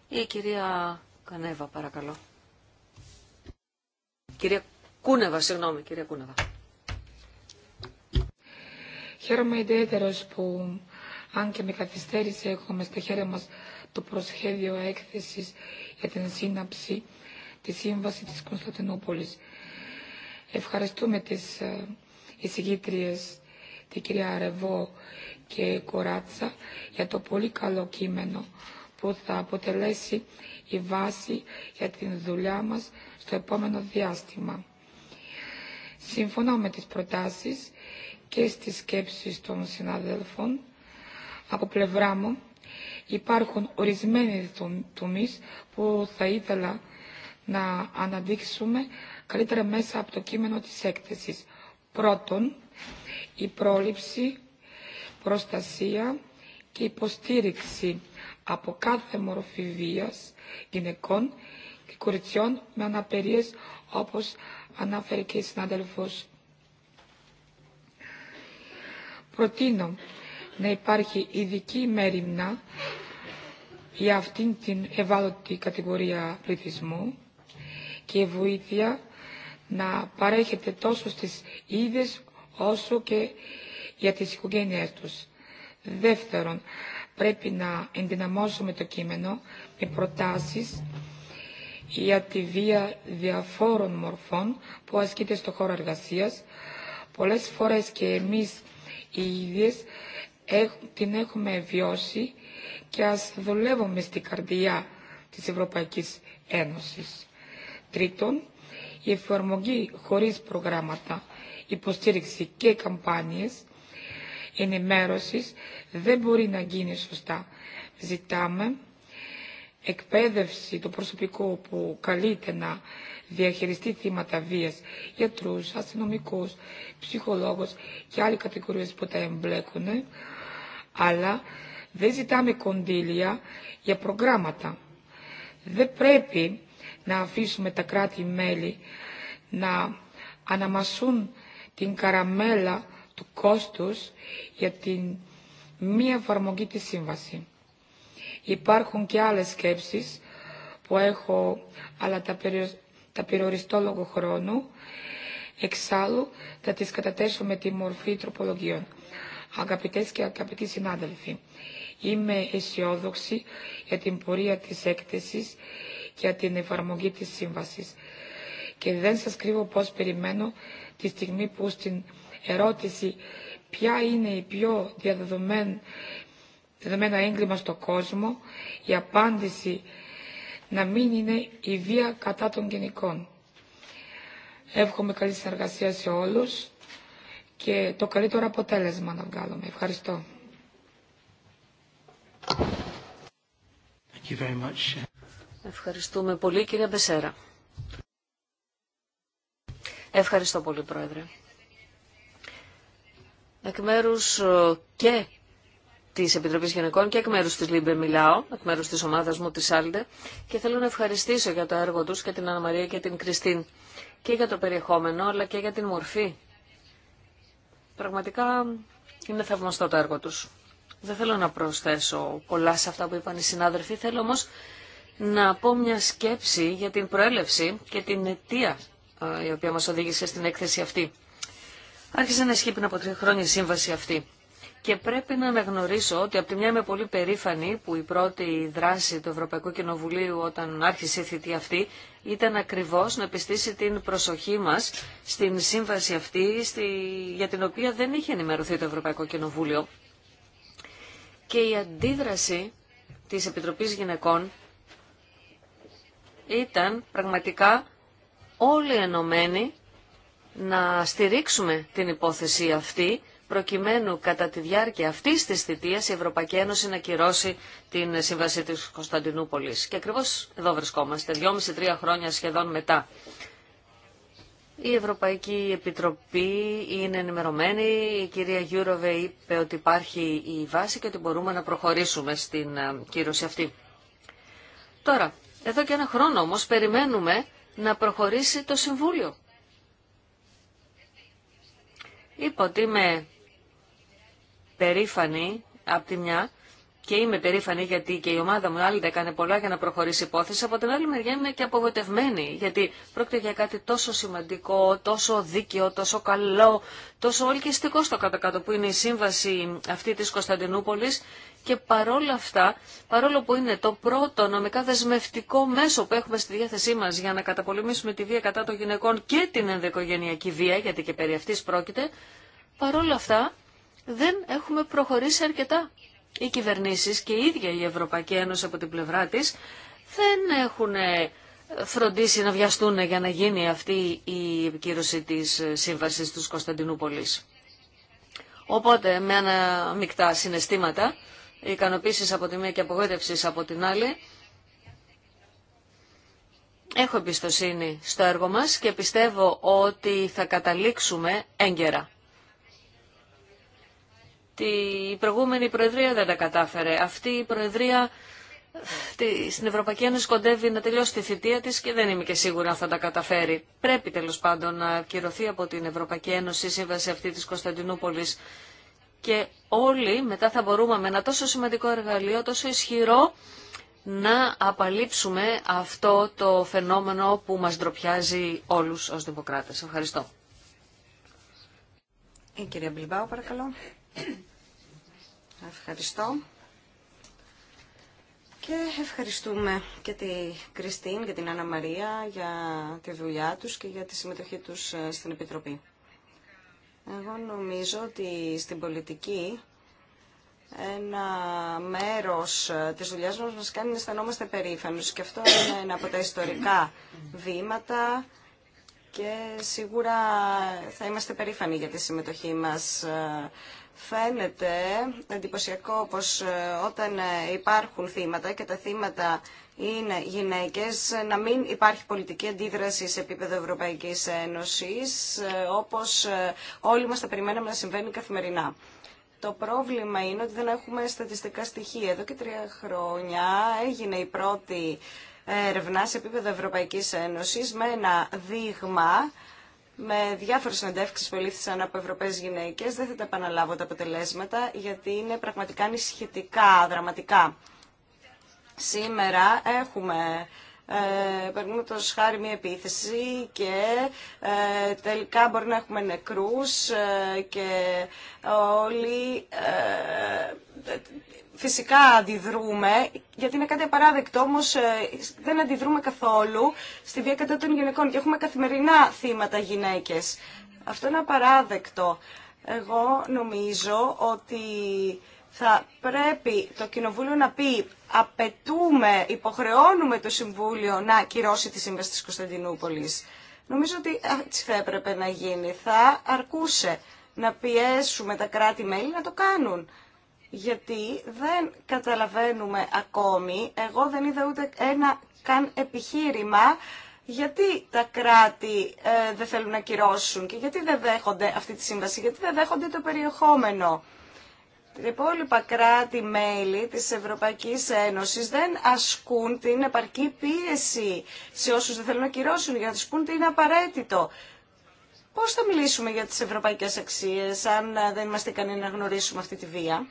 Η κυρία Κανέβα, παρακαλώ. Κυρία Κούνεβα, συγγνώμη, κυρία Κούνεβα. Χαίρομαι ιδιαίτερο που, αν και με καθυστέρηση, έχουμε στα χέρια μας το προσχέδιο έκθεσης για την σύναψη τη Σύμβαση της Κωνσταντινούπολης. Ευχαριστούμε τις ε, εισηγήτριες την κυρία Ρεβό και Κοράτσα για το πολύ καλό κείμενο που θα αποτελέσει η βάση για την δουλειά μας στο επόμενο διάστημα. Σύμφωνα με τις προτάσεις και στις σκέψεις των συναδέλφων, από πλευρά μου υπάρχουν ορισμένοι τομείς που θα ήθελα να αναδείξουμε καλύτερα μέσα από το κείμενο της έκθεσης. Πρώτον, η πρόληψη, προστασία και υποστήριξη από κάθε μορφή βίας γυναικών και κοριτσιών με αναπηρίες όπως αναφέρει και η συνάδελφος. Προτείνω να υπάρχει ειδική μέρημνα για αυτήν την ευάλωτη κατηγορία πληθυσμού και βοήθεια να παρέχεται τόσο στις ίδιες όσο και για τις οικογένειές τους. Δεύτερον, πρέπει να ενδυναμώσουμε το κείμενο με προτάσεις για τη βία διαφόρων μορφών που ασκείται στο χώρο εργασίας. Πολλές φορές και εμείς οι ίδιες την έχουμε βιώσει και ας δουλεύουμε στην καρδιά της Ευρωπαϊκής Ένωσης. Τρίτον, η εφαρμογή χωρίς προγράμματα υποστήριξη και καμπάνιες ενημέρωσης δεν μπορεί να γίνει σωστά. Ζητάμε εκπαίδευση το προσωπικό που καλείται να διαχειριστεί θύματα βίας, γιατρούς, αστυνομικούς, ψυχολόγους και άλλοι κατηγορίες που τα εμπλέκουν, αλλά δεν ζητάμε κοντήλια για προγράμματα. Δεν πρέπει να αφήσουμε τα κράτη-μέλη να αναμασούν την καραμέλα του κόστους για την μία εφαρμογή της σύμβαση. Υπάρχουν και άλλες σκέψεις που έχω, αλλά τα, περιοριστώ λόγω χρόνου. Εξάλλου θα τις κατατέσω με τη μορφή τροπολογιών. Αγαπητές και αγαπητοί συνάδελφοι, είμαι αισιόδοξη για την πορεία της έκθεσης για την εφαρμογή της σύμβασης. Και δεν σας κρύβω πώς περιμένω τη στιγμή που στην ερώτηση ποια είναι η πιο διαδεδομένα έγκλημα στον κόσμο, η απάντηση να μην είναι η βία κατά των γενικών. Εύχομαι καλή συνεργασία σε όλους και το καλύτερο αποτέλεσμα να βγάλουμε. Ευχαριστώ. Ευχαριστούμε πολύ κυρία Μπεσέρα. Ευχαριστώ πολύ Πρόεδρε. Εκ μέρους ε, και τη Επιτροπή Γυναικών και εκ μέρου τη ΛΥΜΠΕ μιλάω, εκ μέρου τη ομάδα μου τη Άλντε. Και θέλω να ευχαριστήσω για το έργο του και την Αναμαρία και την Κριστίν. Και για το περιεχόμενο, αλλά και για την μορφή. Πραγματικά είναι θαυμαστό το έργο του. Δεν θέλω να προσθέσω πολλά σε αυτά που είπαν οι συνάδελφοι. Θέλω όμω να πω μια σκέψη για την προέλευση και την αιτία η οποία μας οδήγησε στην έκθεση αυτή. Άρχισε να ισχύει πριν από τρία χρόνια η σύμβαση αυτή. Και πρέπει να αναγνωρίσω ότι από τη μια είμαι πολύ περήφανη που η πρώτη δράση του Ευρωπαϊκού Κοινοβουλίου όταν άρχισε η θητή αυτή ήταν ακριβώς να επιστήσει την προσοχή μας στην σύμβαση αυτή στη... για την οποία δεν είχε ενημερωθεί το Ευρωπαϊκό Κοινοβούλιο. Και η αντίδραση της Επιτροπής Γυναικών ήταν πραγματικά όλοι ενωμένοι να στηρίξουμε την υπόθεση αυτή προκειμένου κατά τη διάρκεια αυτή τη θητεία η Ευρωπαϊκή Ένωση να κυρώσει την σύμβαση τη Κωνσταντινούπολη. Και ακριβώ εδώ βρισκόμαστε, δυόμιση-τρία χρόνια σχεδόν μετά. Η Ευρωπαϊκή Επιτροπή είναι ενημερωμένη. Η κυρία Γιούροβε είπε ότι υπάρχει η βάση και ότι μπορούμε να προχωρήσουμε στην ε, κύρωση αυτή. Τώρα, εδώ και ένα χρόνο όμως περιμένουμε να προχωρήσει το Συμβούλιο. Είπα ότι είμαι περήφανη από τη μια και είμαι περήφανη γιατί και η ομάδα μου άλλη έκανε πολλά για να προχωρήσει η υπόθεση. Από την άλλη μεριά είμαι και απογοητευμένη γιατί πρόκειται για κάτι τόσο σημαντικό, τόσο δίκαιο, τόσο καλό, τόσο ολκυστικό στο κάτω-κάτω που είναι η σύμβαση αυτή της Κωνσταντινούπολης και παρόλα αυτά, παρόλο που είναι το πρώτο νομικά δεσμευτικό μέσο που έχουμε στη διάθεσή μα για να καταπολεμήσουμε τη βία κατά των γυναικών και την ενδοικογενειακή βία, γιατί και περί αυτής πρόκειται, παρόλα αυτά δεν έχουμε προχωρήσει αρκετά οι κυβερνήσει και η ίδια η Ευρωπαϊκή Ένωση από την πλευρά της δεν έχουν φροντίσει να βιαστούν για να γίνει αυτή η επικύρωση της σύμβασης τους Κωνσταντινούπολη. Οπότε με μικτά συναισθήματα, ικανοποίηση από τη μία και απογοήτευση από την άλλη, έχω εμπιστοσύνη στο έργο μας και πιστεύω ότι θα καταλήξουμε έγκαιρα η προηγούμενη Προεδρία δεν τα κατάφερε. Αυτή η Προεδρία στην Ευρωπαϊκή Ένωση κοντεύει να τελειώσει τη θητεία της και δεν είμαι και σίγουρα αν θα τα καταφέρει. Πρέπει τέλος πάντων να κυρωθεί από την Ευρωπαϊκή Ένωση η σύμβαση αυτή της Κωνσταντινούπολης και όλοι μετά θα μπορούμε με ένα τόσο σημαντικό εργαλείο, τόσο ισχυρό, να απαλείψουμε αυτό το φαινόμενο που μας ντροπιάζει όλους ως δημοκράτες. Ευχαριστώ. Η κυρία Μπλιμπάου, παρακαλώ. Ευχαριστώ. Και ευχαριστούμε και τη Κριστίν και την Άννα Μαρία για τη δουλειά τους και για τη συμμετοχή τους ε, στην Επιτροπή. Εγώ νομίζω ότι στην πολιτική ένα μέρος ε, της δουλειάς μας μας κάνει να αισθανόμαστε περήφανος και αυτό είναι ένα από τα ιστορικά βήματα και σίγουρα θα είμαστε περήφανοι για τη συμμετοχή μας ε, Φαίνεται εντυπωσιακό πως ε, όταν ε, υπάρχουν θύματα και τα θύματα είναι γυναίκες, ε, να μην υπάρχει πολιτική αντίδραση σε επίπεδο Ευρωπαϊκής Ένωσης, όπως όλοι μας τα περιμέναμε να συμβαίνει καθημερινά. Το πρόβλημα είναι ότι δεν έχουμε στατιστικά στοιχεία. Εδώ και τρία χρόνια έγινε η πρώτη έρευνα σε επίπεδο Ευρωπαϊκής Ένωσης με ένα δείγμα με διάφορες συνεντεύξεις που ελήφθησαν από Ευρωπαίες γυναίκες. Δεν θα τα επαναλάβω τα αποτελέσματα, γιατί είναι πραγματικά ανησυχητικά, δραματικά. Σήμερα έχουμε ε, το χάρη μια επίθεση και ε, τελικά μπορεί να έχουμε νεκρούς ε, και όλοι ε, φυσικά αντιδρούμε, γιατί είναι κάτι απαράδεκτο, όμω δεν αντιδρούμε καθόλου στη βία κατά των γυναικών και έχουμε καθημερινά θύματα γυναίκες. Αυτό είναι απαράδεκτο. Εγώ νομίζω ότι θα πρέπει το Κοινοβούλιο να πει απαιτούμε, υποχρεώνουμε το Συμβούλιο να κυρώσει τη σύμβαση της Κωνσταντινούπολης. Νομίζω ότι έτσι θα έπρεπε να γίνει. Θα αρκούσε να πιέσουμε τα κράτη-μέλη να το κάνουν. Γιατί δεν καταλαβαίνουμε ακόμη, εγώ δεν είδα ούτε ένα καν επιχείρημα γιατί τα κράτη ε, δεν θέλουν να κυρώσουν και γιατί δεν δέχονται αυτή τη σύμβαση, γιατί δεν δέχονται το περιεχόμενο τα υπόλοιπα κράτη-μέλη της Ευρωπαϊκής Ένωσης δεν ασκούν την επαρκή πίεση σε όσους δεν θέλουν να κυρώσουν για να τους πούν είναι απαραίτητο. Πώς θα μιλήσουμε για τις ευρωπαϊκές αξίες αν δεν είμαστε ικανοί να γνωρίσουμε αυτή τη βία.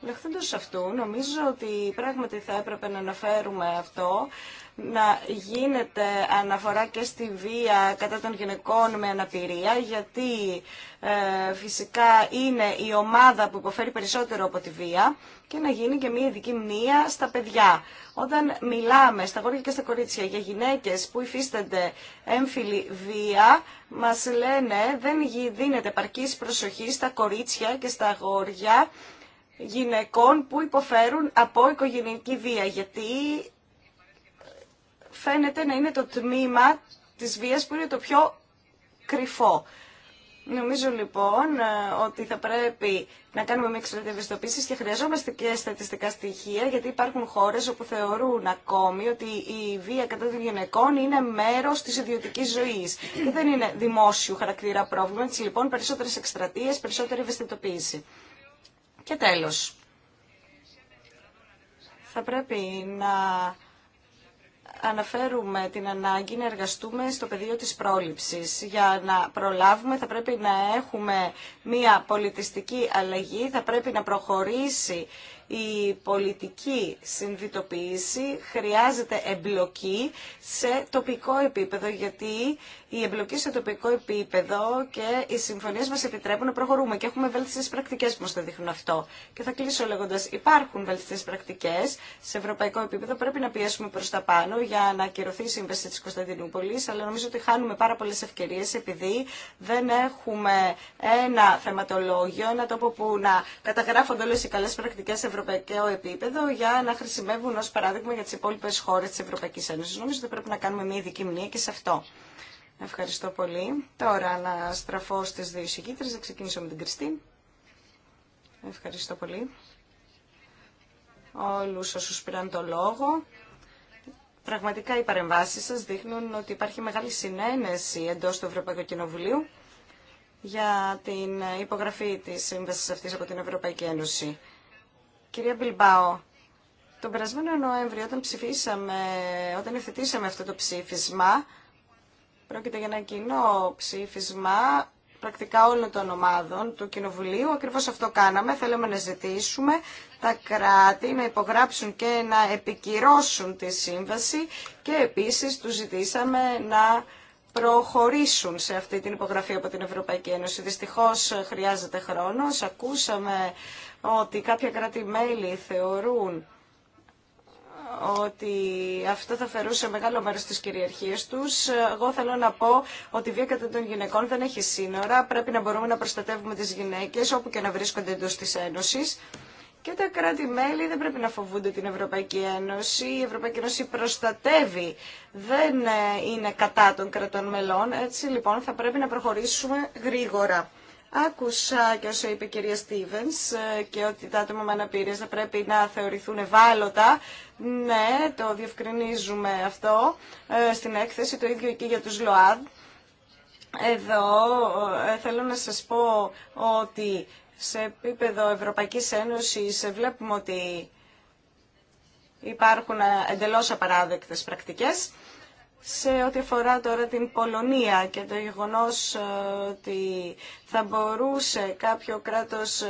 Λεχθέντως αυτού, νομίζω ότι πράγματι θα έπρεπε να αναφέρουμε αυτό να γίνεται αναφορά και στη βία κατά των γυναικών με αναπηρία, γιατί ε, φυσικά είναι η ομάδα που υποφέρει περισσότερο από τη βία και να γίνει και μια ειδική μνήμα στα παιδιά. Όταν μιλάμε στα γόρια και στα κορίτσια για γυναίκες που υφίστανται έμφυλη βία, μας λένε δεν δίνεται παρκής προσοχή στα κορίτσια και στα γόρια γυναικών που υποφέρουν από οικογενειακή βία, γιατί φαίνεται να είναι το τμήμα της βίας που είναι το πιο κρυφό. Νομίζω λοιπόν ε, ότι θα πρέπει να κάνουμε μια εξωτερική και χρειαζόμαστε και στατιστικά στοιχεία γιατί υπάρχουν χώρε όπου θεωρούν ακόμη ότι η βία κατά των γυναικών είναι μέρο τη ιδιωτική ζωή και δεν είναι δημόσιου χαρακτήρα πρόβλημα. Έτσι λοιπόν περισσότερε εκστρατείε, περισσότερη ευαισθητοποίηση. Και τέλο. Θα πρέπει να αναφέρουμε την ανάγκη να εργαστούμε στο πεδίο της πρόληψης. Για να προλάβουμε θα πρέπει να έχουμε μια πολιτιστική αλλαγή, θα πρέπει να προχωρήσει η πολιτική συνδυτοποίηση χρειάζεται εμπλοκή σε τοπικό επίπεδο, γιατί η εμπλοκή σε τοπικό επίπεδο και οι συμφωνίες μας επιτρέπουν να προχωρούμε και έχουμε βέλτιστες πρακτικές που μας το δείχνουν αυτό. Και θα κλείσω λέγοντας, υπάρχουν βέλτιστες πρακτικές σε ευρωπαϊκό επίπεδο, πρέπει να πιέσουμε προς τα πάνω για να ακυρωθεί η σύμβαση της Κωνσταντινούπολης, αλλά νομίζω ότι χάνουμε πάρα πολλές ευκαιρίες επειδή δεν έχουμε ένα θεματολόγιο, ένα τόπο που να καταγράφονται όλες οι καλές πρακτικές ευρωπαϊκό επίπεδο για να χρησιμεύουν ω παράδειγμα για τι υπόλοιπε χώρε τη Ευρωπαϊκή Ένωση. Νομίζω ότι πρέπει να κάνουμε μια ειδική μνήμα και σε αυτό. Ευχαριστώ πολύ. Τώρα να στραφώ στις δύο συγκίτρες. Να ξεκινήσω με την Κριστίν. Ευχαριστώ πολύ. Όλου όσου πήραν το λόγο. Πραγματικά οι παρεμβάσει σα δείχνουν ότι υπάρχει μεγάλη συνένεση εντό του Ευρωπαϊκού Κοινοβουλίου για την υπογραφή της σύμβασης αυτής από την Ευρωπαϊκή Ένωση. Κυρία Μπιλμπάο, τον περασμένο Νοέμβριο όταν ψηφίσαμε, όταν ευθετήσαμε αυτό το ψήφισμα, πρόκειται για ένα κοινό ψήφισμα πρακτικά όλων των ομάδων του Κοινοβουλίου. Ακριβώς αυτό κάναμε. Θέλουμε να ζητήσουμε τα κράτη να υπογράψουν και να επικυρώσουν τη σύμβαση και επίσης τους ζητήσαμε να προχωρήσουν σε αυτή την υπογραφή από την Ευρωπαϊκή Ένωση. Δυστυχώς ε, χρειάζεται χρόνος. Ακούσαμε ότι κάποια κράτη-μέλη θεωρούν ε, ότι αυτό θα φερούσε μεγάλο μέρος τη κυριαρχία τους. Ε, εγώ θέλω να πω ότι η βία κατά των γυναικών δεν έχει σύνορα. Πρέπει να μπορούμε να προστατεύουμε τις γυναίκες όπου και να βρίσκονται εντός της Ένωσης. Και τα κράτη-μέλη δεν πρέπει να φοβούνται την Ευρωπαϊκή Ένωση. Η Ευρωπαϊκή Ένωση προστατεύει, δεν ε, είναι κατά των κρατών μελών. Έτσι λοιπόν θα πρέπει να προχωρήσουμε γρήγορα. Άκουσα και όσο είπε η κυρία Στίβενς ε, και ότι τα άτομα με αναπηρία θα πρέπει να θεωρηθούν ευάλωτα. Ναι, το διευκρινίζουμε αυτό ε, στην έκθεση, το ίδιο και για τους ΛΟΑΔ. Εδώ θέλω να σας πω ότι σε επίπεδο Ευρωπαϊκής Ένωσης βλέπουμε ότι υπάρχουν ε, εντελώς απαράδεκτες πρακτικές. Σε ό,τι αφορά τώρα την Πολωνία και το γεγονός ε, ότι θα μπορούσε κάποιο κράτος ε,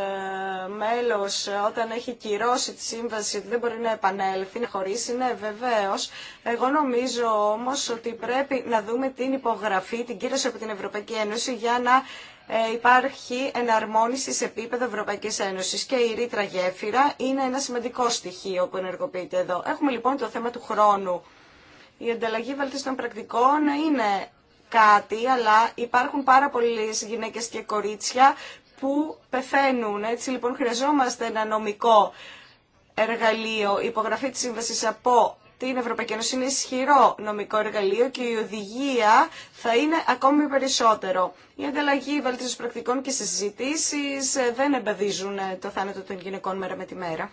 μέλος όταν έχει κυρώσει τη σύμβαση δεν μπορεί να επανέλθει, να χωρίσει, ναι βεβαίως. Εγώ νομίζω όμως ότι πρέπει να δούμε την υπογραφή, την κύρωση από την Ευρωπαϊκή Ένωση για να ε, υπάρχει εναρμόνιση σε επίπεδο Ευρωπαϊκής Ένωσης και η ρήτρα γέφυρα είναι ένα σημαντικό στοιχείο που ενεργοποιείται εδώ. Έχουμε λοιπόν το θέμα του χρόνου. Η ανταλλαγή βαλτίστων πρακτικών είναι κάτι, αλλά υπάρχουν πάρα πολλέ γυναίκες και κορίτσια που πεθαίνουν. Έτσι λοιπόν χρειαζόμαστε ένα νομικό εργαλείο, υπογραφή της σύμβασης από την Ευρωπαϊκή Ένωση είναι ισχυρό νομικό εργαλείο και η οδηγία θα είναι ακόμη περισσότερο. Η ανταλλαγή βαλτίζων πρακτικών και συζητήσει ε, δεν εμπαδίζουν ε, το θάνατο των γυναικών μέρα με τη μέρα.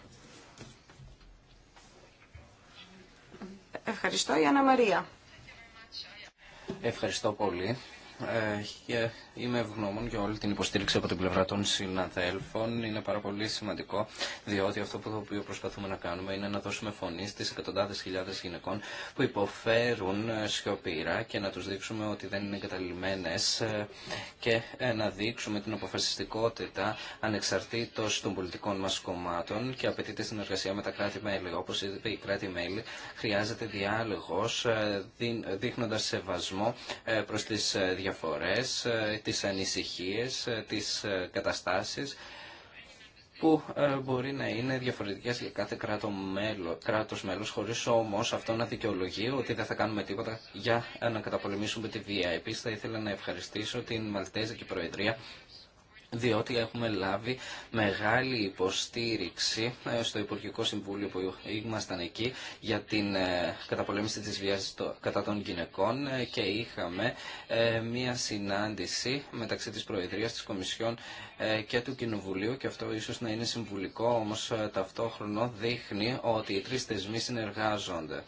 Ευχαριστώ, Ιάννα Μαρία. Ευχαριστώ πολύ και ε, είμαι ευγνώμων για όλη την υποστήριξη από την πλευρά των συναδέλφων. Είναι πάρα πολύ σημαντικό, διότι αυτό που το οποίο προσπαθούμε να κάνουμε είναι να δώσουμε φωνή στις εκατοντάδες χιλιάδες γυναικών που υποφέρουν ε, σιωπήρα και να τους δείξουμε ότι δεν είναι εγκαταλειμμένες ε, και να δείξουμε την αποφασιστικότητα ανεξαρτήτως των πολιτικών μας κομμάτων και απαιτείται συνεργασία με τα κράτη-μέλη. Όπως είπε η κράτη-μέλη, χρειάζεται διάλογο, δείχνοντας σεβασμό προ τι διαφορετικές διαφορές, ε, τις ανησυχίες, ε, τις ε, καταστάσεις που μπορεί να είναι διαφορετικές για κάθε κράτο μέλο, κράτος μέλος, χωρίς όμως αυτό να δικαιολογεί ότι δεν θα κάνουμε τίποτα για να καταπολεμήσουμε τη βία. Επίσης θα ήθελα να ευχαριστήσω την Μαλτέζικη Προεδρία διότι έχουμε λάβει μεγάλη υποστήριξη ε, στο Υπουργικό Συμβούλιο που ήμασταν εκεί για την ε, καταπολέμηση της βίας κατά των γυναικών ε, και είχαμε μία συνάντηση μεταξύ της Προεδρίας, της Κομισιόν και του Κοινοβουλίου και αυτό ίσως να είναι συμβουλικό, όμως ταυτόχρονο δείχνει ότι οι τρεις θεσμοί συνεργάζονται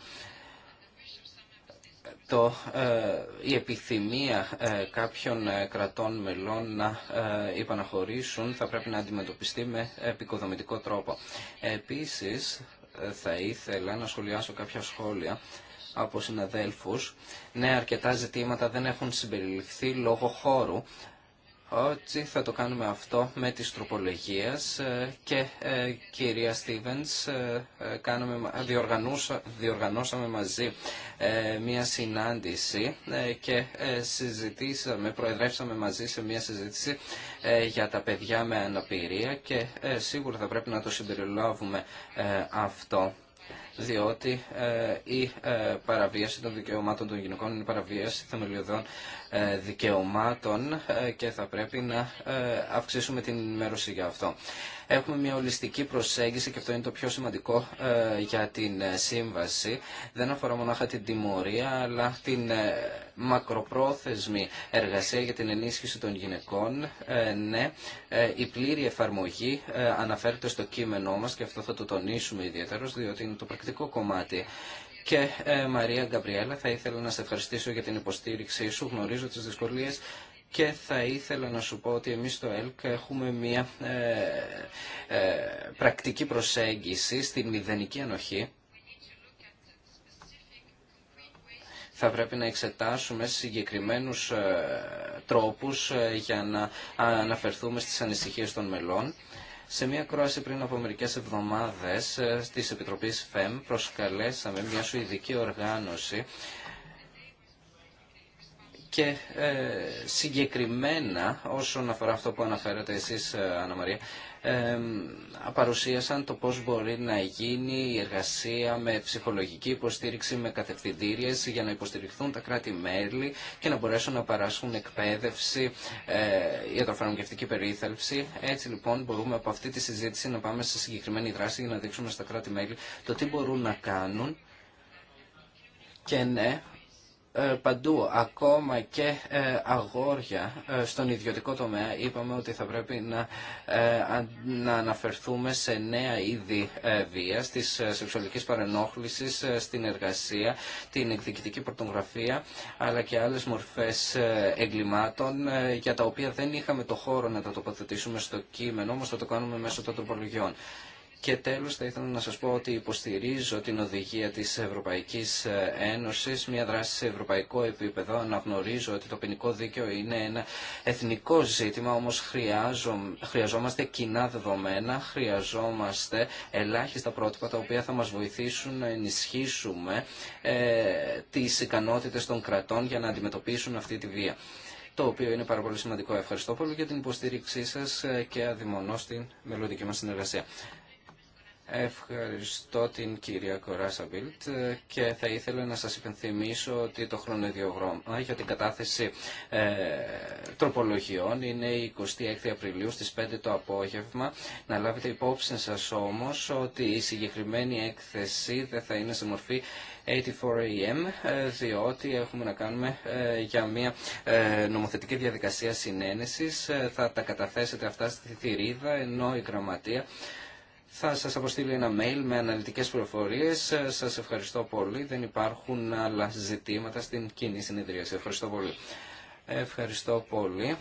το, ε, η επιθυμία ε, κάποιων ε, κρατών μελών να ε, υπαναχωρήσουν θα πρέπει να αντιμετωπιστεί με επικοδομητικό τρόπο. Επίσης, θα ήθελα να σχολιάσω κάποια σχόλια από συναδέλφους. Ναι, αρκετά ζητήματα δεν έχουν συμπεριληφθεί λόγω χώρου, ότι θα το κάνουμε αυτό με τις τροπολογίες ε, και ε, κυρία Στίβενς ε, κάνουμε, διοργανώσαμε μαζί μια συνάντηση και συζητήσαμε, προεδρεύσαμε μαζί σε μια συζήτηση για τα παιδιά με αναπηρία και σίγουρα θα πρέπει να το συμπεριλάβουμε αυτό διότι ε, η ε, παραβίαση των δικαιωμάτων των γυναικών είναι παραβίαση θεμελιωδών ε, δικαιωμάτων και θα πρέπει να αυξήσουμε την ενημέρωση για αυτό. Έχουμε μια ολιστική προσέγγιση και αυτό είναι το πιο σημαντικό ε, για την ε, σύμβαση. Δεν αφορά μονάχα την τιμωρία, αλλά την ε, μακροπρόθεσμη εργασία για την ενίσχυση των γυναικών. Ναι, η πλήρη εφαρμογή αναφέρεται στο κείμενό μας και αυτό θα το τονίσουμε ιδιαίτερος, διότι είναι το πρακτικό κομμάτι. Και Μαρία Γκαμπριέλα, θα ήθελα να σε ευχαριστήσω για την υποστήριξή σου. Γνωρίζω τις δυσκολίες και θα ήθελα να σου πω ότι εμείς στο ΕΛΚ έχουμε μια ε, ε, πρακτική προσέγγιση στην μηδενική ανοχή. θα πρέπει να εξετάσουμε συγκεκριμένους ε, τρόπους ε, για να αναφερθούμε στις ανησυχίες των μελών. Σε μια κρόαση πριν από μερικές εβδομάδες της Επιτροπής ΦΕΜ προσκαλέσαμε μια σου ειδική οργάνωση και ε, συγκεκριμένα όσον αφορά αυτό που αναφέρατε εσείς ε, Άννα Μαρία ε, παρουσίασαν το πώς μπορεί να γίνει η εργασία με ψυχολογική υποστήριξη, με κατευθυντήριες για να υποστηριχθούν τα κράτη-μέλη και να μπορέσουν να παράσχουν εκπαίδευση, ε, περίθαλψη. Έτσι λοιπόν μπορούμε από αυτή τη συζήτηση να πάμε σε συγκεκριμένη δράση για να δείξουμε στα κράτη-μέλη το τι μπορούν να κάνουν και ναι, ε, παντού, ακόμα και ε, αγόρια ε, στον ιδιωτικό τομέα. Είπαμε ότι θα πρέπει να, να αναφερθούμε σε νέα είδη βίας, της σεξουαλικής παρενόχλησης στην εργασία, την εκδικητική πορτογραφία, αλλά και άλλες μορφές εγκλημάτων, για τα οποία δεν είχαμε το χώρο να τα τοποθετήσουμε στο κείμενο, όμως θα το κάνουμε μέσω των τροπολογιών. Και τέλος θα ήθελα να σας πω ότι υποστηρίζω την οδηγία της Ευρωπαϊκής Ένωσης, μια δράση σε ευρωπαϊκό επίπεδο. Αναγνωρίζω ότι το ποινικό δίκαιο είναι ένα εθνικό ζήτημα, όμως χρειαζόμαστε κοινά δεδομένα, χρειαζόμαστε ελάχιστα πρότυπα τα οποία θα μας βοηθήσουν να ενισχύσουμε ε, τις ικανότητες των κρατών για να αντιμετωπίσουν αυτή τη βία το οποίο είναι πάρα πολύ σημαντικό. Ευχαριστώ πολύ για την υποστήριξή σας ε, και αδειμονώ στην μελλοντική μας συνεργασία. Ευχαριστώ την κυρία Κοράσα Μπίλτ και θα ήθελα να σας υπενθυμίσω ότι το χρονοδιογράμμα για την κατάθεση ε, τροπολογιών είναι η 26 Απριλίου στις 5 το απόγευμα. Να λάβετε υπόψη σας όμως ότι η συγκεκριμένη έκθεση δεν θα είναι σε μορφή 84am ε, διότι έχουμε να κάνουμε ε, για μια ε, νομοθετική διαδικασία συνένεσης. Θα τα καταθέσετε αυτά στη θηρίδα ενώ η γραμματεία θα σας αποστείλει ένα mail με αναλυτικές πληροφορίες. Σας ευχαριστώ πολύ. Δεν υπάρχουν άλλα ζητήματα στην κοινή Σας Ευχαριστώ πολύ. Ευχαριστώ πολύ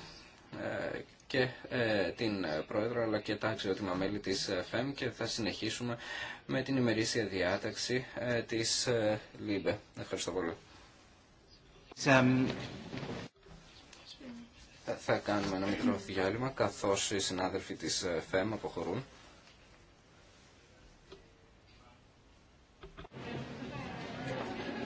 ε, και ε, την Πρόεδρο αλλά και τα αξιότιμα μέλη της ΦΕΜ και θα συνεχίσουμε με την ημερήσια διάταξη ε, της ΛΥΜΠΕ. Ευχαριστώ πολύ. Um, θα κάνουμε ένα μικρό διάλειμμα καθώς οι συνάδελφοι της ΦΕΜ αποχωρούν.